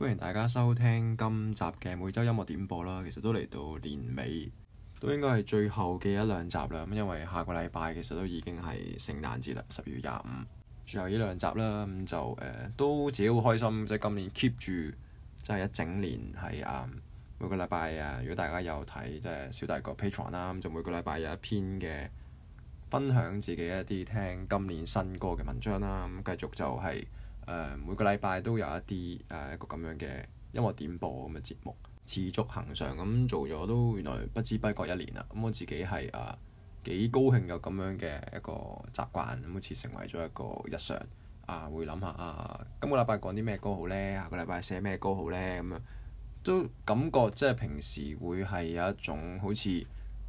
歡迎大家收聽今集嘅每周音樂點播啦，其實都嚟到年尾，都應該係最後嘅一兩集啦。咁因為下個禮拜其實都已經係聖誕節啦，十二月廿五，最後呢兩集啦，咁就誒、呃、都自己好開心，即、就、係、是、今年 keep 住即係、就是、一整年係啊、嗯、每個禮拜啊，如果大家有睇即係小大哥 Patreon 啦，咁就每個禮拜有一篇嘅分享自己一啲聽今年新歌嘅文章啦。咁、嗯、繼續就係、是。誒、uh, 每個禮拜都有一啲誒、uh, 一個咁樣嘅音樂點播咁嘅節目，持續恆常。咁做咗都原來不知不覺一年啦。咁、嗯、我自己係啊幾高興有咁樣嘅一個習慣，咁好似成為咗一個日常啊。會諗下啊，今個禮拜講啲咩歌好呢？下個禮拜寫咩歌好呢？咁、嗯、樣都感覺即係平時會係有一種好似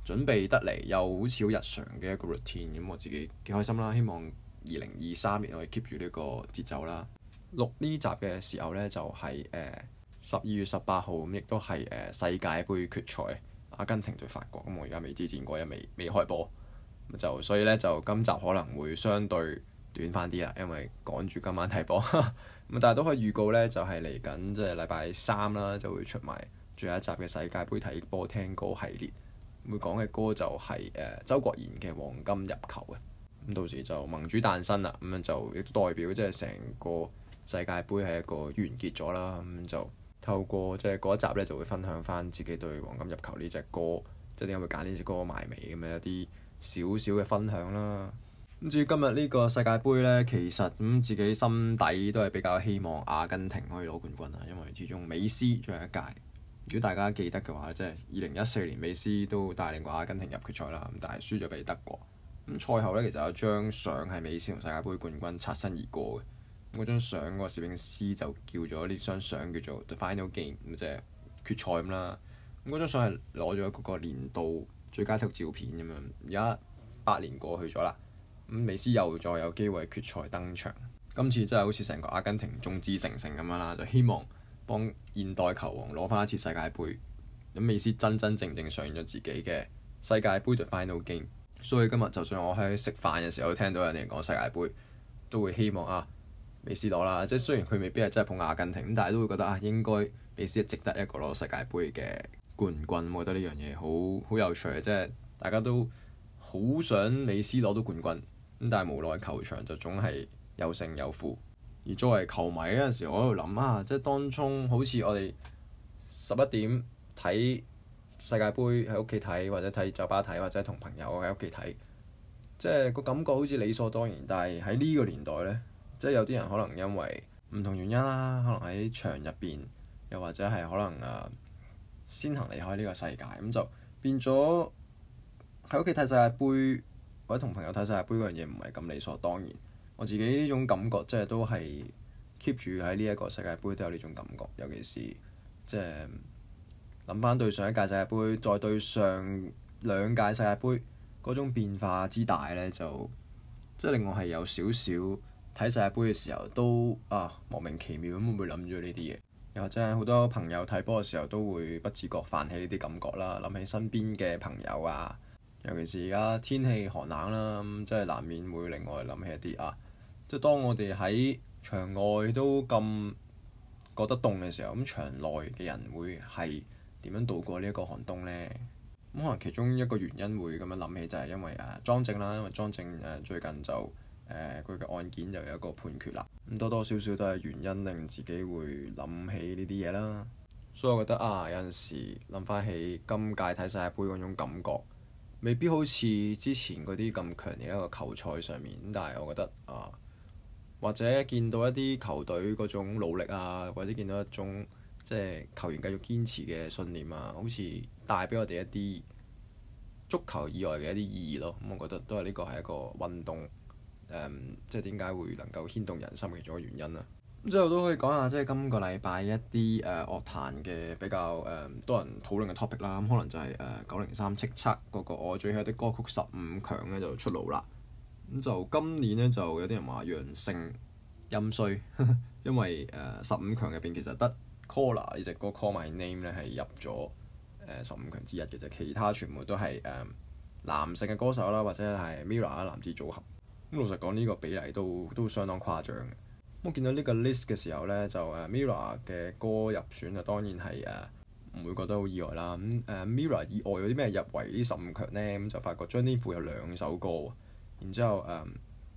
準備得嚟又好似好日常嘅一個 routine、嗯。咁我自己幾開心啦，希望～二零二三年可以 keep 住呢個節奏啦。錄呢集嘅時候呢，就係誒十二月十八號，咁亦都係誒、呃、世界盃決賽，阿根廷對法國。咁、嗯、我而家未知戰果，因為未未開波，咁就所以呢，就今集可能會相對短翻啲啦，因為趕住今晚睇波。咁 但係都可以預告呢，就係嚟緊即係禮拜三啦，就會出埋最後一集嘅世界盃睇波聽歌系列。會講嘅歌就係、是、誒、呃、周國賢嘅《黃金入球》嘅。咁到時就盟主誕生啦，咁樣就亦都代表即係成個世界盃係一個完結咗啦。咁就透過即係嗰一集呢，就會分享返自己對黃金入球呢隻歌，即係點解會揀呢隻歌埋尾咁樣一啲少少嘅分享啦。咁至於今日呢個世界盃呢，其實咁自己心底都係比較希望阿根廷可以攞冠軍啦，因為始終美斯仲有一屆。如果大家記得嘅話，即係二零一四年美斯都帶領過阿根廷入決賽啦，咁但係輸咗俾德國。賽後咧，其實有張相係美斯同世界杯冠軍擦身而過嘅。咁嗰張相個攝影師就叫咗呢張相叫做 The Final Game，咁即係決賽咁啦。咁嗰張相係攞咗嗰個年度最佳足球照片咁樣。而家八年過去咗啦，咁美斯又再有機會決賽登場。今次真係好似成個阿根廷眾志成城咁樣啦，就希望幫現代球王攞翻一次世界盃。咁美斯真真正正上演咗自己嘅世界盃 The Final Game。所以今日就算我喺食飯嘅時候都聽到人哋講世界杯，都會希望啊，美斯攞啦！即係雖然佢未必係真係捧阿根廷咁，但係都會覺得啊，應該美斯係值得一個攞世界杯嘅冠軍。我覺得呢樣嘢好好有趣，即係大家都好想美斯攞到冠軍，咁但係無奈球場就總係有勝有負。而作為球迷嗰陣時，我喺度諗啊，即係當中好似我哋十一點睇。世界盃喺屋企睇，或者睇酒吧睇，或者同朋友喺屋企睇，即係個感覺好似理所當然。但係喺呢個年代呢，即係有啲人可能因為唔同原因啦，可能喺場入邊，又或者係可能誒、啊、先行離開呢個世界，咁就變咗喺屋企睇世界盃，或者同朋友睇世界盃嗰樣嘢唔係咁理所當然。我自己呢種感覺，即係都係 keep 住喺呢一個世界盃都有呢種感覺，尤其是即係。諗翻對上一屆世界盃，再對上兩屆世界盃嗰種變化之大呢，就即係令我係有少少睇世界盃嘅時候都啊莫名其妙咁會唔會諗咗呢啲嘢，又或者係好多朋友睇波嘅時候都會不自覺泛起呢啲感覺啦。諗起身邊嘅朋友啊，尤其是而家天氣寒冷啦、啊，咁即係難免會令我諗起一啲啊，即係當我哋喺場外都咁覺得凍嘅時候，咁場內嘅人會係。點樣度過呢一個寒冬呢？咁可能其中一個原因會咁樣諗起，就係因為啊莊正啦，因為莊正誒、啊、最近就誒佢嘅案件又有一個判決啦。咁多多少少都係原因令自己會諗起呢啲嘢啦。所以我覺得啊，有陣時諗翻起今屆睇世界盃嗰種感覺，未必好似之前嗰啲咁強烈一個球賽上面。但係我覺得啊，或者見到一啲球隊嗰種努力啊，或者見到一種～即係球員繼續堅持嘅信念啊，好似帶俾我哋一啲足球以外嘅一啲意義咯。咁、嗯、我覺得都係呢個係一個運動，即係點解會能夠牽動人心嘅其中一個原因啊。咁之後都可以講下，即係今個禮拜一啲誒、呃、樂壇嘅比較誒、呃、多人討論嘅 topic 啦。咁、嗯、可能就係誒九零三測測嗰個我最喜愛的歌曲十五強咧，就出爐啦。咁、嗯、就今年呢，就有啲人話陽盛陰衰， 因為誒十五強入邊其實得 COLLAR 呢隻歌《Call My Name》咧係入咗誒十五強之一嘅啫，其他全部都係誒、呃、男性嘅歌手啦，或者係 MIRROR 啊、男子組合。咁、嗯、老實講呢、呢個比例都都相當誇張嘅。咁、嗯、我見到呢個 list 嘅時候咧，就誒、呃、MIRROR 嘅歌入選啊，當然係誒唔會覺得好意外啦。咁、嗯、誒、呃、MIRROR 以外有啲咩入圍呢十五強咧？咁、嗯、就發覺張天賦有兩首歌，然之後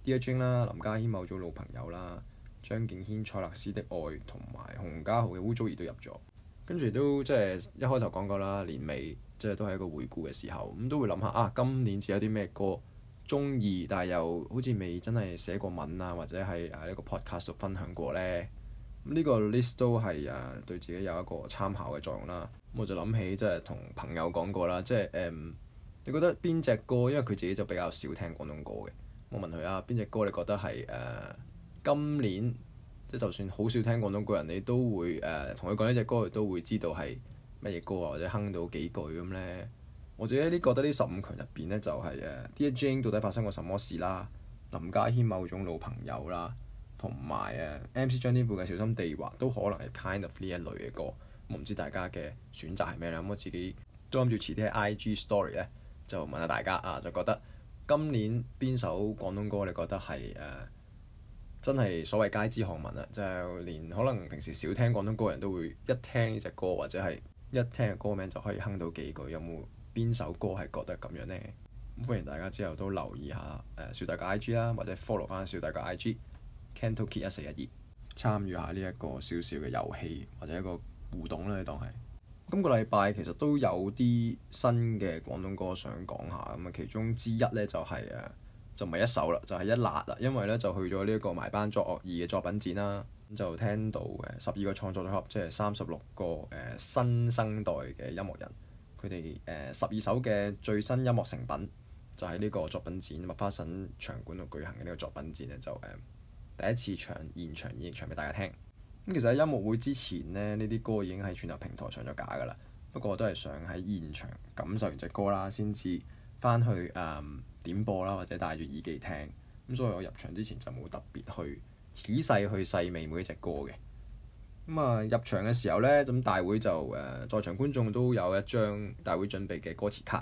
誒 Dear Jane 啦、呃、Jean，林家謙某組老朋友啦。張敬軒、蔡勒斯的愛同埋洪家豪嘅污糟耳都入咗，跟住都即係一開頭講過啦，年尾即係、就是、都係一個回顧嘅時候，咁都會諗下啊，今年有啲咩歌中意，但係又好似未真係寫過文啊，或者係啊呢個 podcast 度分享過呢？呢、這個 list 都係啊對自己有一個參考嘅作用啦。咁我就諗起即係同朋友講過啦，即係誒，你覺得邊隻歌？因為佢自己就比較少聽廣東歌嘅，我問佢啊，邊隻歌你覺得係誒？呃今年即就算好少聽廣東歌人，你都會誒同佢講一隻歌，佢都會知道係乜嘢歌啊，或者哼到幾句咁呢？我自己呢覺得呢十五強入邊呢，就係誒 Dear Jane 到底發生過什麼事啦，林家謙某種老朋友啦，同埋 MC 張天賦嘅小心地滑都可能係 kind of 呢一類嘅歌。我唔知大家嘅選擇係咩啦，咁、嗯、我自己都諗住遲啲喺 IG story 咧就問下大家啊，就覺得今年邊首廣東歌你覺得係誒？呃真係所謂街知巷聞啊，就係連可能平時少聽廣東歌人都會一聽呢隻歌或者係一聽嘅歌名就可以哼到幾句。有冇邊首歌係覺得咁樣呢？咁歡迎大家之後都留意下誒少大嘅 IG 啦，或者 follow 翻少大嘅 IG，cantokid 一四一二，參與下呢一個少少嘅遊戲或者一個互動啦，你當係。今個禮拜其實都有啲新嘅廣東歌想講下，咁啊，其中之一呢、就係，就係誒。就唔係一首啦，就係、是、一辣啦，因為咧就去咗呢一個埋班作樂二嘅作品展啦，咁就聽到誒十二個創作組合，即係三十六個誒、呃、新生代嘅音樂人，佢哋誒十二首嘅最新音樂成品，就喺呢個作品展麥花臣場館度舉行嘅呢個作品展咧，就誒、呃、第一次唱現場演繹唱俾大家聽。咁其實喺音樂會之前咧，呢啲歌已經喺全球平台唱咗架㗎啦，不過都係想喺現場感受完隻歌啦，先至。翻去誒、嗯、點播啦，或者戴住耳機聽咁，所以我入場之前就冇特別去仔細去細味每一隻歌嘅咁啊。入場嘅時候呢，咁大會就誒、呃，在場觀眾都有一張大會準備嘅歌詞卡。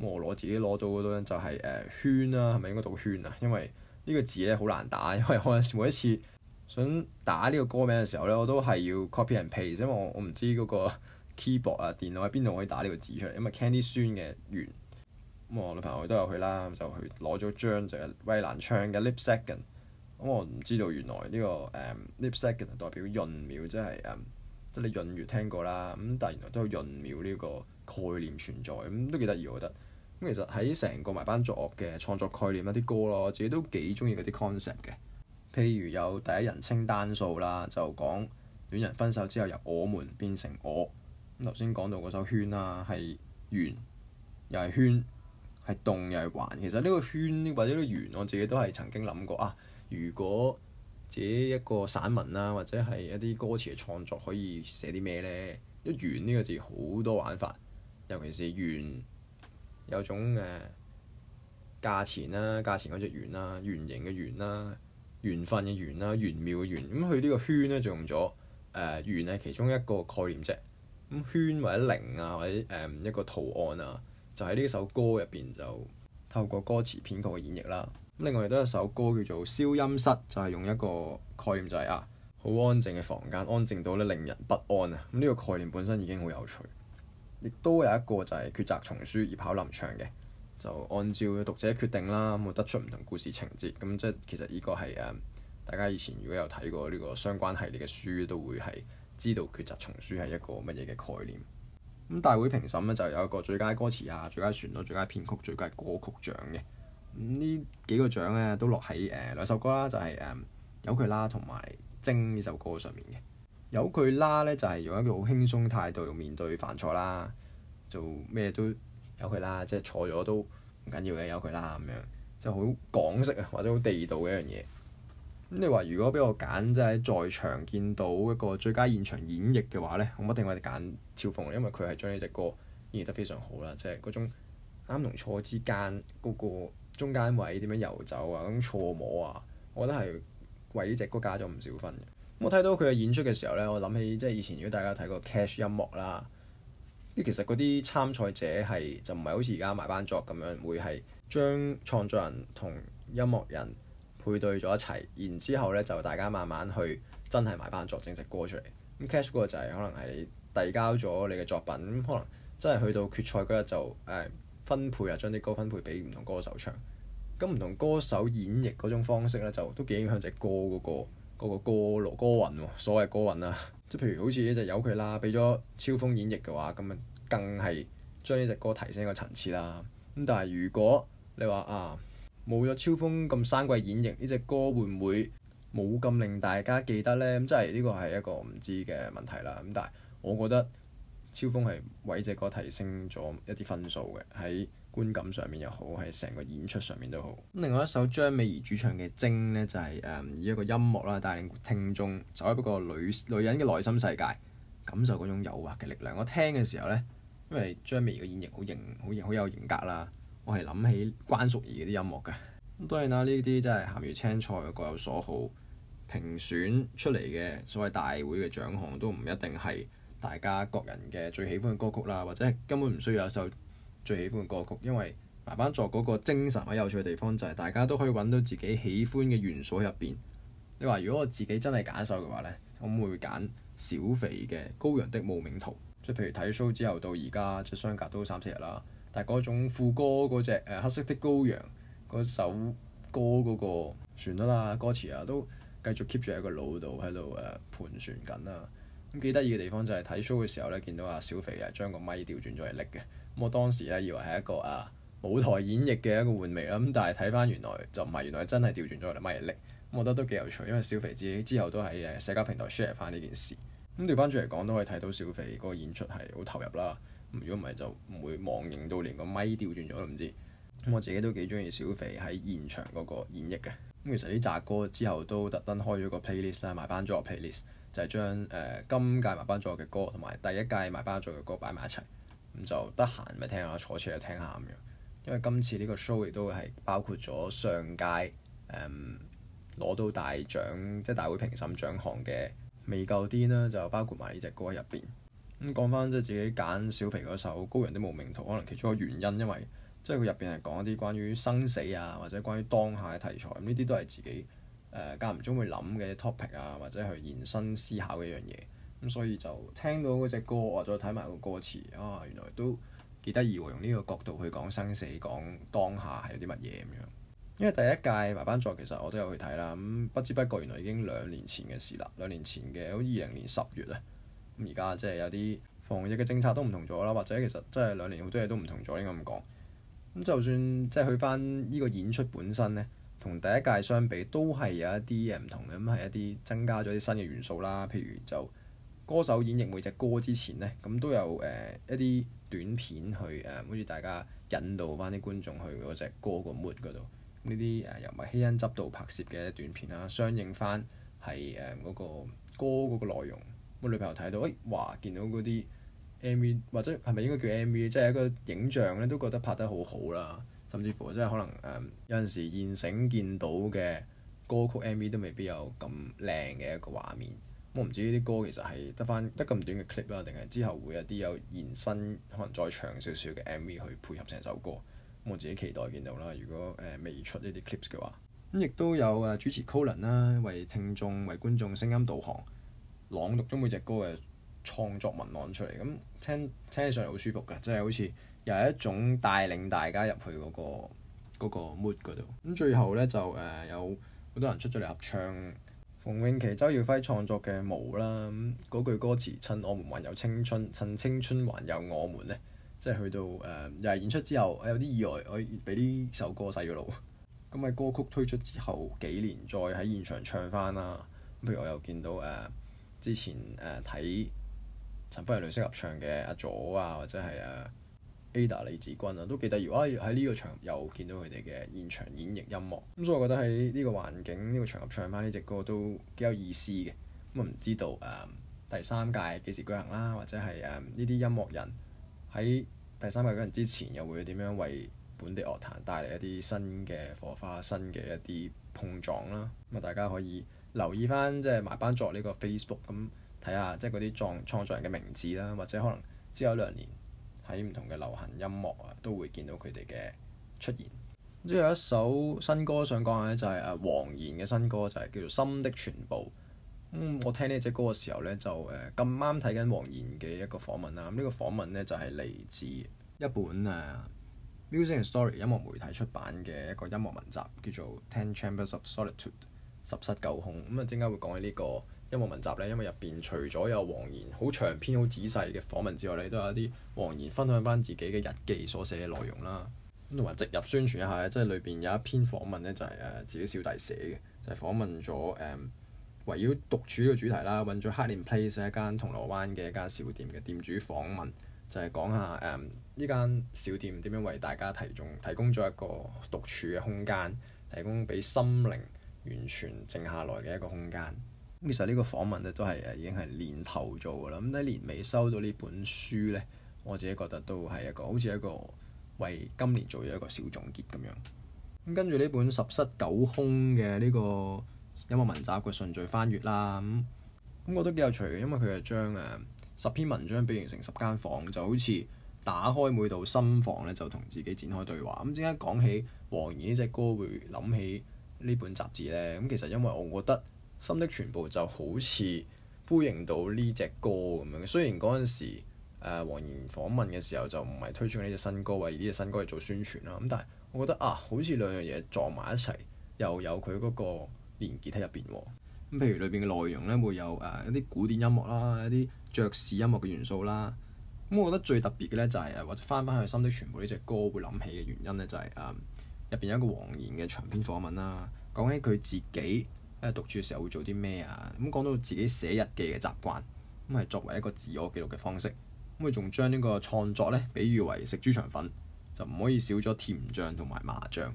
咁我攞自己攞到嗰張就係、是、誒、呃、圈啦、啊，係咪應該讀圈啊？因為呢個字呢好難打，因為我每一次想打呢個歌名嘅時候呢，我都係要 copy and paste 先，因為我我唔知嗰個 keyboard 啊電腦喺邊度可以打呢個字出嚟，因為 candy 圈嘅咁我女朋友都有去啦，就去攞咗張就係衛蘭唱嘅、嗯《lip second》。咁我唔知道原來呢、這個誒《um, lip second》代表閏秒，即係誒即係你閏月聽過啦。咁、嗯、但係原來都有閏秒呢個概念存在，咁、嗯、都幾得意。我覺得咁、嗯、其實喺成個埋班作樂嘅創作概念一啲歌咯，我自己都幾中意嗰啲 concept 嘅。譬如有第一人稱單數啦，就講戀人分手之後由我們變成我咁。頭先講到嗰首圈啦、啊，係圓又係圈。係動又係環，其實呢個圈或者呢個圓，我自己都係曾經諗過啊。如果自己一個散文啦、啊，或者係一啲歌詞嘅創作，可以寫啲咩咧？一圓呢個字好多玩法，尤其是圓，有種誒價錢啦、價錢嗰、啊、只圓啦、啊、圓形嘅圓啦、緣分嘅緣啦、玄妙嘅圓、啊、圓，圓。咁佢呢個圈咧，就用咗誒、呃、圓係其中一個概念啫。咁圈或者零啊，或者誒、呃、一個圖案啊。就喺呢首歌入邊就透過歌詞片段嘅演繹啦。另外亦都有一首歌叫做《消音室》，就係、是、用一個概念就係、是、啊好安靜嘅房間，安靜到咧令人不安啊。咁、嗯、呢、這個概念本身已經好有趣。亦都有一個就係、是、抉擇叢書而跑臨場嘅，就按照讀者決定啦，咁得出唔同故事情節。咁即係其實呢個係誒、嗯、大家以前如果有睇過呢個相關系列嘅書，都會係知道抉擇叢書係一個乜嘢嘅概念。咁大會評審咧就有一個最佳歌詞啊、最佳旋律、最佳編曲、最佳歌曲獎嘅。呢幾個獎咧都落喺誒兩首歌啦，就係誒有佢啦同埋精呢首歌上面嘅。有佢啦咧就係用一個好輕鬆態度嚟面對犯錯啦，做咩都有佢啦，即係錯咗都唔緊要嘅有佢啦咁樣，即係好港式啊或者好地道嘅一樣嘢。咁你話如果俾我揀，即係在場見到一個最佳現場演繹嘅話呢，我一定會揀趙鳳，因為佢係將呢隻歌演繹得非常好啦，即係嗰種啱同錯之間嗰、嗰個中間位點樣遊走啊，咁錯摸啊，我覺得係為呢隻歌加咗唔少分嘅。我睇到佢嘅演出嘅時候呢，我諗起即係以前如果大家睇過 Cash 音樂啦，啲其實嗰啲參賽者係就唔係好似而家埋班作咁樣，會係將創作人同音樂人。配對咗一齊，然之後咧就大家慢慢去真係埋班作整隻歌出嚟。咁、嗯嗯、cash 歌就係、是、可能係你遞交咗你嘅作品，咁可能真係去到決賽嗰日就誒、呃、分配啊，將啲歌分配俾唔同歌手唱。咁唔同歌手演繹嗰種方式咧，就都幾影響隻歌嗰個嗰個歌樂、那個、歌韻，所謂歌韻啊。即 係譬如好似就由佢啦，俾咗超風演繹嘅話，咁啊更係將呢隻歌提升一個層次啦。咁但係如果你話啊～冇咗超風咁生鬼演繹呢隻歌會唔會冇咁令大家記得呢？咁即係呢個係一個唔知嘅問題啦。咁但係我覺得超風係為隻歌提升咗一啲分數嘅，喺觀感上面又好，喺成個演出上面都好。另外一首張美儀主唱嘅《精》呢，就係、是、誒以一個音樂啦帶領聽眾走喺一個女女人嘅內心世界，感受嗰種誘惑嘅力量。我聽嘅時候呢，因為張美儀嘅演繹好型好好有型格啦。我係諗起關淑怡嗰啲音樂嘅，咁當然啦，呢啲真係鹹魚青菜，各有所好。評選出嚟嘅所謂大會嘅獎項都唔一定係大家個人嘅最喜歡嘅歌曲啦，或者根本唔需要有首最喜歡嘅歌曲，因為《埋班作樂》嗰個精神好有趣嘅地方就係大家都可以揾到自己喜歡嘅元素喺入邊。你話如果我自己真係揀首嘅話呢，我會揀小肥嘅《高陽的無名圖》。即係譬如睇 show 之後到而家，即相隔都三四日啦。但係嗰種副歌嗰隻誒，黑色的羔羊嗰首歌嗰個，旋律啊，歌詞啊都繼續 keep 住喺個腦度喺度誒盤旋緊啦。咁幾得意嘅地方就係睇 show 嘅時候咧，見到阿小肥係將個咪調轉咗嚟拎嘅。咁我當時咧以為係一個啊舞台演繹嘅一個換位啦。咁但係睇翻原來就唔係，原來真係調轉咗嚟咪嚟拎。咁我覺得都幾有趣，因為小肥自己之後都喺誒社交平台 share 翻呢件事。咁調翻轉嚟講，都可以睇到小肥嗰個演出係好投入啦。如果唔係就唔會忘形到連個咪調轉咗都唔知。咁我自己都幾中意小肥喺現場嗰個演繹嘅。咁其實呢紮歌之後都特登開咗個 playlist 啦 play，埋班作樂嘅 playlist 就係將誒今屆埋班作樂嘅歌同埋第一屆埋班作樂嘅歌擺埋一齊。咁就得閒咪聽下，坐車又聽下咁樣。因為今次呢個 show 亦都係包括咗上屆誒攞到大獎，即係大會評審獎項嘅未夠癲呢，就包括埋呢隻歌喺入邊。咁講返，即係自己揀小肥嗰首《高人的無名圖》，可能其中一個原因，因為即係佢入邊係講一啲關於生死啊，或者關於當下嘅題材，呢啲都係自己誒間唔中會諗嘅 topic 啊，或者去延伸思考嘅一樣嘢。咁、嗯、所以就聽到嗰隻歌，或者睇埋個歌詞啊，原來都幾得意喎，用呢個角度去講生死、講當下係有啲乜嘢咁樣。因為第一屆埋班作其實我都有去睇啦，咁、嗯、不知不覺原來已經兩年前嘅事啦。兩年前嘅好似二零年十月啊。咁而家即係有啲防疫嘅政策都唔同咗啦，或者其實真係兩年好多嘢都唔同咗，應該咁講。咁就算即係去翻呢個演出本身呢，同第一屆相比都係有一啲嘢唔同嘅。咁係一啲增加咗啲新嘅元素啦，譬如就歌手演繹每隻歌之前呢，咁都有誒、呃、一啲短片去誒，好、呃、似大家引導翻啲觀眾去嗰隻歌個 mood 嗰度。呢啲誒又唔係希恩執導拍攝嘅短片啦，相應翻係誒嗰個歌嗰個內容。我女朋友睇到，誒、哎、哇，見到嗰啲 MV 或者係咪應該叫 MV，即係一個影像咧，都覺得拍得好好啦。甚至乎即係可能誒、嗯、有陣時現成見到嘅歌曲 MV 都未必有咁靚嘅一個畫面。我、嗯、唔知呢啲歌其實係得翻得咁短嘅 clip 啦，定係之後會有啲有延伸，可能再長少少嘅 MV 去配合成首歌、嗯。我自己期待見到啦。如果誒、呃、未出呢啲 clip 嘅話，咁亦都有誒主持 Colin 啦，為聽眾為觀眾聲音導航。朗讀咗每隻歌嘅創作文案出嚟，咁聽聽起上嚟好舒服嘅，即係好似又係一種帶領大家入去嗰、嗰個嗰個 mood 嗰度。咁最後呢，就誒、呃、有好多人出咗嚟合唱馮穎琪、周耀輝創作嘅《無》啦。嗰句歌詞，趁我們還有青春，趁青春還有我們呢，即係去到誒、呃、又係演出之後有啲意外，我俾呢首歌洗咗腦。咁喺歌曲推出之後幾年再喺現場唱翻啦。譬如我又見到誒。呃之前誒睇、呃、陳輝陽女聲合唱嘅阿祖啊，或者係誒、啊、Ada 李子君啊，都記得。如果喺呢個場合又見到佢哋嘅現場演繹音樂，咁、嗯、所以我覺得喺呢個環境、呢、呢個場合唱翻呢隻歌都幾有意思嘅。咁、嗯、啊，唔知道誒、嗯、第三屆幾時舉行啦，或者係誒呢啲音樂人喺第三屆舉行之前，又會點樣為本地樂壇帶嚟一啲新嘅火花、新嘅一啲碰撞啦？咁、嗯、啊，大家可以～留意翻即係埋班作呢個 Facebook 咁睇下即係嗰啲創創作人嘅名字啦，或者可能之後兩年喺唔同嘅流行音樂啊都會見到佢哋嘅出現。之後有一首新歌想講咧，就係阿黃妍嘅新歌，就係、是、叫做《心的全部》。咁、嗯、我聽呢隻歌嘅時候咧，就誒咁啱睇緊黃妍嘅一個訪問啦。咁、這、呢個訪問咧就係、是、嚟自一本誒 Music、uh, Story 音樂媒體出版嘅一個音樂文集，叫做《Ten Chambers of Solitude》。十室九空咁啊！即刻會講起呢個音樂文集呢，因為入邊除咗有黃妍好長篇好仔細嘅訪問之外呢，都有一啲黃妍分享返自己嘅日記所寫嘅內容啦。咁同埋直入宣傳一下咧，即係裏邊有一篇訪問呢，就係、是、誒自己小弟寫嘅，就係、是、訪問咗誒、嗯、圍繞獨處呢個主題啦，揾咗 Hiding Place 一間銅鑼灣嘅一間小店嘅店主訪問，就係、是、講下誒呢間小店點樣為大家提供提供咗一個獨處嘅空間，提供俾心靈。完全靜下來嘅一個空間。咁其實呢個訪問咧都係誒已經係年頭做嘅啦。咁呢年尾收到呢本書呢，我自己覺得都係一個好似一個為今年做咗一個小總結咁樣。咁跟住呢本十室九空嘅呢、這個音樂文集，嘅順序翻閱啦。咁、嗯、我、那個、都幾有趣嘅，因為佢係將誒十篇文章變形成十間房，就好似打開每度心房呢，就同自己展開對話。咁點解講起黃妍呢隻歌會諗起呢本雜誌呢，咁其實因為我覺得《心的全部》就好似呼應到呢隻歌咁樣。雖然嗰陣時誒黃妍訪問嘅時候就唔係推出呢隻新歌為呢隻新歌去做宣傳啦，咁但係我覺得啊，好似兩樣嘢撞埋一齊，又有佢嗰個連結喺入邊。咁譬如裏邊嘅內容呢，會有誒、啊、一啲古典音樂啦，一啲爵士音樂嘅元素啦。咁、啊、我覺得最特別嘅呢，就係、是、誒，或者翻翻去《心的全部》呢隻歌會諗起嘅原因呢、就是，就係誒。入邊有一個黃妍嘅長篇訪問啦，講起佢自己喺讀書嘅時候會做啲咩啊？咁講到自己寫日記嘅習慣，咁係作為一個自我記錄嘅方式。咁佢仲將呢個創作咧，比喻為食豬腸粉，就唔可以少咗甜醬同埋麻醬。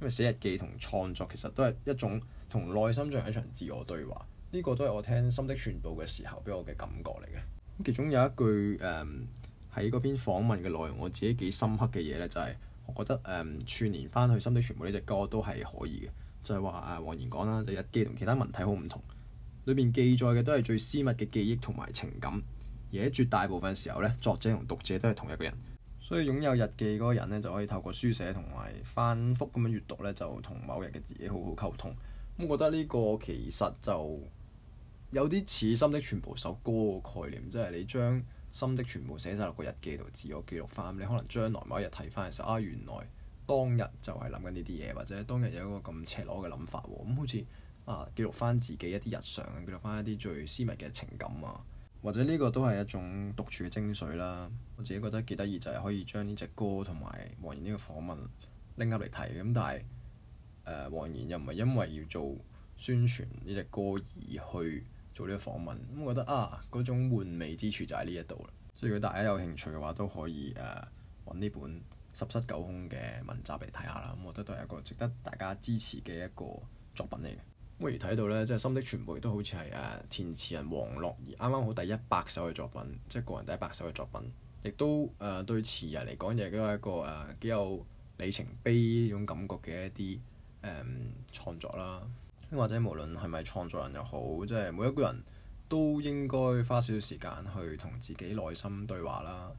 因為寫日記同創作其實都係一種同內心進行一場自我對話。呢個都係我聽《心的全部》嘅時候俾我嘅感覺嚟嘅。其中有一句誒喺嗰篇訪問嘅內容，我自己幾深刻嘅嘢咧，就係。我覺得誒、嗯、串連翻去《心的全部》呢隻歌都係可以嘅，就係話誒黃妍講啦，就日記同其他文體好唔同，裏面記載嘅都係最私密嘅記憶同埋情感，而喺絕大部分時候呢，作者同讀者都係同一個人，所以擁有日記嗰個人呢，就可以透過書寫同埋翻覆咁樣閲讀呢，就同某人嘅自己好好溝通。咁覺得呢個其實就有啲似《心的全部》首歌嘅概念，即係你將。心的全部寫晒落個日記度，自我記錄翻。你可能將來某一日睇翻嘅時候，啊，原來當日就係諗緊呢啲嘢，或者當日有一個咁赤裸嘅諗法喎。咁、嗯、好似啊，記錄翻自己一啲日常，記錄翻一啲最私密嘅情感啊，或者呢個都係一種獨處嘅精髓啦。我自己覺得幾得意就係、是、可以將呢隻歌同埋黃妍呢個訪問拎入嚟睇。咁但係誒黃妍又唔係因為要做宣傳呢隻歌而去做呢個訪問，咁我覺得啊，嗰種玩味之處就喺呢一度啦。所以如果大家有興趣嘅話，都可以誒揾呢本十室九空嘅文集嚟睇下啦。咁、啊、我覺得都係一個值得大家支持嘅一個作品嚟嘅。咁而睇到咧，即係《心的全部》都好似係誒填詞人王樂兒啱啱好第一百首嘅作品，即係個人第一百首嘅作品，亦都誒、啊、對詞人嚟講亦都係一個誒、啊、幾有里程碑呢種感覺嘅一啲誒、嗯、創作啦。或者無論係咪創作人又好，即係每一個人都應該花少少時間去同自己內心對話啦。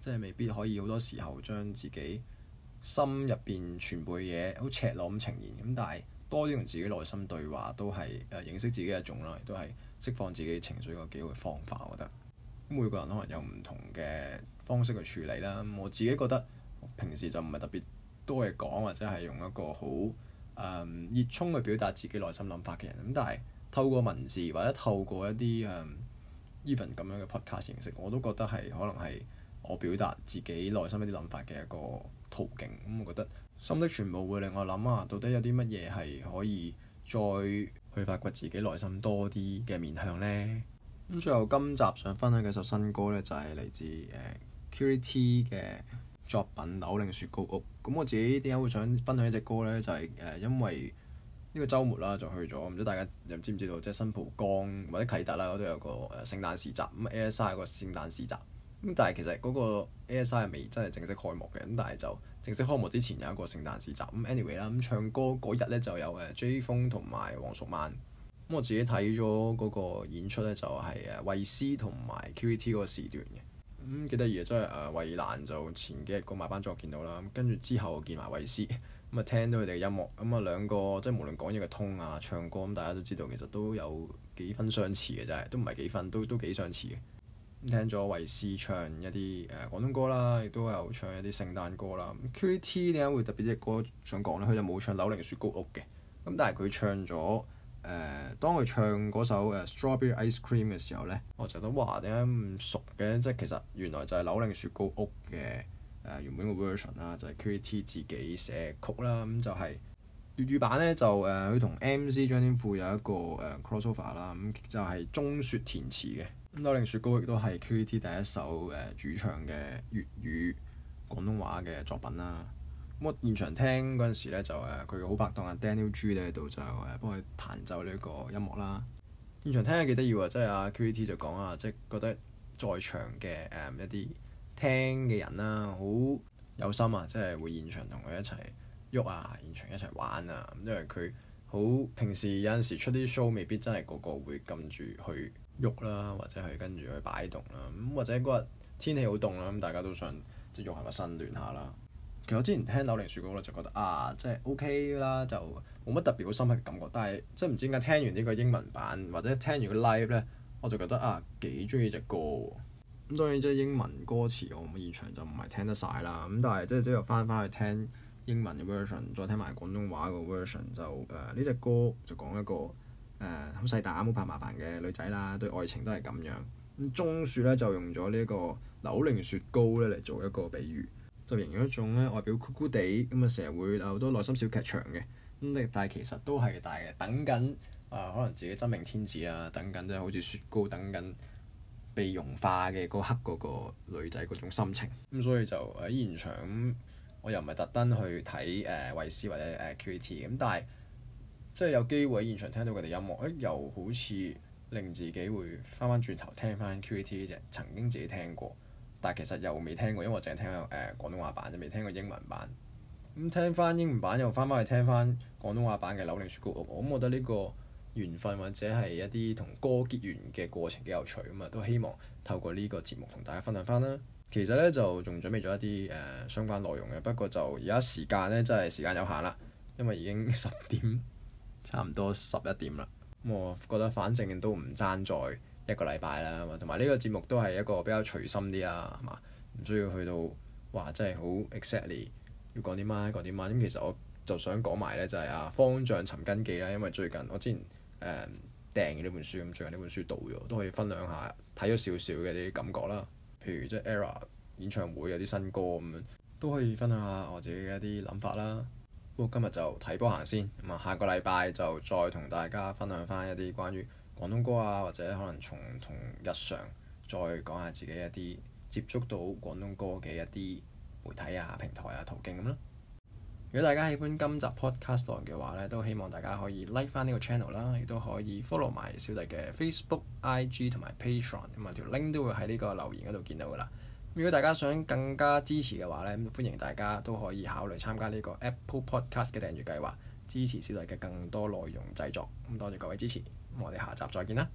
即係未必可以好多時候將自己心入邊全部嘢好赤裸咁呈現。咁但係多啲同自己內心對話都係誒認識自己一種啦，亦都係釋放自己情緒一個幾好嘅方法。我覺得。每個人可能有唔同嘅方式去處理啦。我自己覺得平時就唔係特別多嘢講，或者係用一個好，誒、um, 熱衷去表達自己內心諗法嘅人，咁但係透過文字或者透過一啲誒 even 咁樣嘅 podcast 形式，我都覺得係可能係我表達自己內心一啲諗法嘅一個途徑。咁、嗯、我覺得心的全部會令我諗啊，到底有啲乜嘢係可以再去發掘自己內心多啲嘅面向呢？嗯、咁最後今集想分享嘅首新歌呢，就係、是、嚟自誒 Kiri T 嘅作品《扭擰雪糕屋》。咁我自己點解會想分享一隻歌呢？就係誒，因為呢個週末啦，就去咗，唔知大家又知唔知，知道？即係新蒲崗或者啟德啦，都有個誒聖誕市集。咁 A.S.I. 有個聖誕市集，咁但係其實嗰個 A.S.I. 係未真係正式開幕嘅。咁但係就正式開幕之前有一個聖誕市集。咁 anyway 啦，咁唱歌嗰日呢就有誒 Jay Fung 同埋黃淑蔓。咁我自己睇咗嗰個演出呢，就係誒維 C 同埋 Q.V.T 嗰個時段嘅。咁幾得意真即係誒，衛、啊、蘭就前幾日個埋班作見到啦，跟住之後見埋衛詩咁啊、嗯，聽到佢哋嘅音樂咁啊、嗯，兩個即係無論講嘢嘅通啊，唱歌咁、嗯、大家都知道，其實都有幾分相似嘅，真係都唔係幾分都都幾相似嘅。咁、嗯、聽咗衛詩唱一啲誒、呃、廣東歌啦，亦都有唱一啲聖誕歌啦。Kiri T 點解會特別隻歌想講呢，佢就冇唱《扭擰雪糕屋》嘅，咁、嗯、但係佢唱咗。誒、呃，當佢唱嗰首誒《Strawberry Ice Cream》嘅時候呢，我就覺得話點解咁熟嘅？即係其實原來就係扭擰雪糕屋嘅誒、呃、原本個 version 啦、啊，就係、是、Kiri T 自己寫曲啦，咁、啊嗯、就係、是、粵語版呢，就誒佢同 MC 張天賦有一個誒、啊、crossover 啦、啊，咁、嗯、就係、是、中雪填詞嘅。咁扭擰雪糕亦都係 Kiri T 第一首誒、啊、主唱嘅粵語廣東話嘅作品啦。啊。我現場聽嗰陣時咧，就誒、是、佢好拍檔啊 Daniel G 咧喺度就誒、是、幫佢彈奏呢個音樂啦。現場聽下幾得意啊！即係阿 Kiri T 就講、是、啊，即、就、係、是、覺得在場嘅誒、um, 一啲聽嘅人啦，好有心啊！即、就、係、是、會現場同佢一齊喐啊，現場一齊玩啊。因為佢好平時有陣時出啲 show，未必真係個個會跟住去喐啦，或者去跟住去擺動啦。咁或者嗰日天氣好凍啦，咁大家都想即係喐下個身暖下啦。其實我之前聽《扭擰雪糕》咧，就覺得啊，即係 OK 啦，就冇乜特別好深刻嘅感覺。但係即係唔知點解聽完呢個英文版或者聽完個 live 咧，我就覺得啊，幾中意隻歌。咁當然即係英文歌詞，我現場就唔係聽得晒啦。咁但係即係即係又翻翻去聽英文嘅 version，再聽埋廣東話個 version，就誒呢隻歌就講一個誒好、呃、細膽、好怕麻煩嘅女仔啦，對愛情都係咁樣。咁鍾樹咧就用咗呢個扭擰雪糕咧嚟做一個比喻。就形容一種咧，外表酷酷地，咁啊成日會有好多內心小劇場嘅，咁但係其實都係大嘅，等緊誒、呃、可能自己真命天子啊，等緊即係，好似雪糕等緊被融化嘅嗰刻嗰個女仔嗰種心情，咁 所以就喺現場，我又唔係特登去睇誒維斯或者誒 Kiri T，咁但係即係有機會喺現場聽到佢哋音樂，誒、欸、又好似令自己會翻翻轉頭聽翻 Kiri T 呢隻，曾經自己聽過。但其實又未聽過，因為我淨係聽誒、呃、廣東話版，就未聽過英文版。咁、嗯、聽翻英文版，又翻翻去聽翻廣東話版嘅《扭擰雪糕屋》，嗯，我覺得呢個緣分或者係一啲同歌結緣嘅過程幾有趣咁啊、嗯！都希望透過呢個節目同大家分享翻啦。其實呢，就仲準備咗一啲誒、呃、相關內容嘅，不過就而家時間呢，真係時間有限啦，因為已經十點差唔多十一點啦。咁、嗯、我覺得反正都唔爭在一個禮拜啦，同埋呢個節目都係一個比較隨心啲啦。係嘛？唔需要去到話真係好 exactly 要講啲乜講啲乜。咁其實我就想講埋呢，就係、是、啊《方丈尋根記》啦，因為最近我之前誒、嗯、訂嘅呢本書，咁最近呢本書到咗，都可以分享下睇咗少少嘅啲感覺啦。譬如即係 ERROR 演唱會有啲新歌咁樣，都可以分享下我自己嘅一啲諗法啦。不過今日就睇波行先，咁、嗯、啊下個禮拜就再同大家分享翻一啲關於。廣東歌啊，或者可能從從日常再講下自己一啲接觸到廣東歌嘅一啲媒體啊、平台啊、途徑咁、啊、咯。如果大家喜歡今集 podcast 嘅話咧，都希望大家可以 like 翻呢個 channel 啦，亦都可以 follow 埋小弟嘅 Facebook、IG 同埋 Patreon 咁，啊，條 link 都會喺呢個留言嗰度見到噶啦。如果大家想更加支持嘅話咧，咁歡迎大家都可以考慮參加呢個 Apple Podcast 嘅訂閱計劃，支持小弟嘅更多內容製作。咁多謝各位支持。我哋下集再見啦！